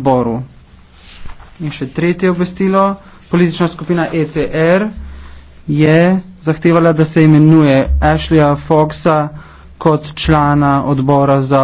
zboru. In še tretje obvestilo, politična skupina ECR je zahtevala, da se imenuje Ashleya Foxa kot člana odbora za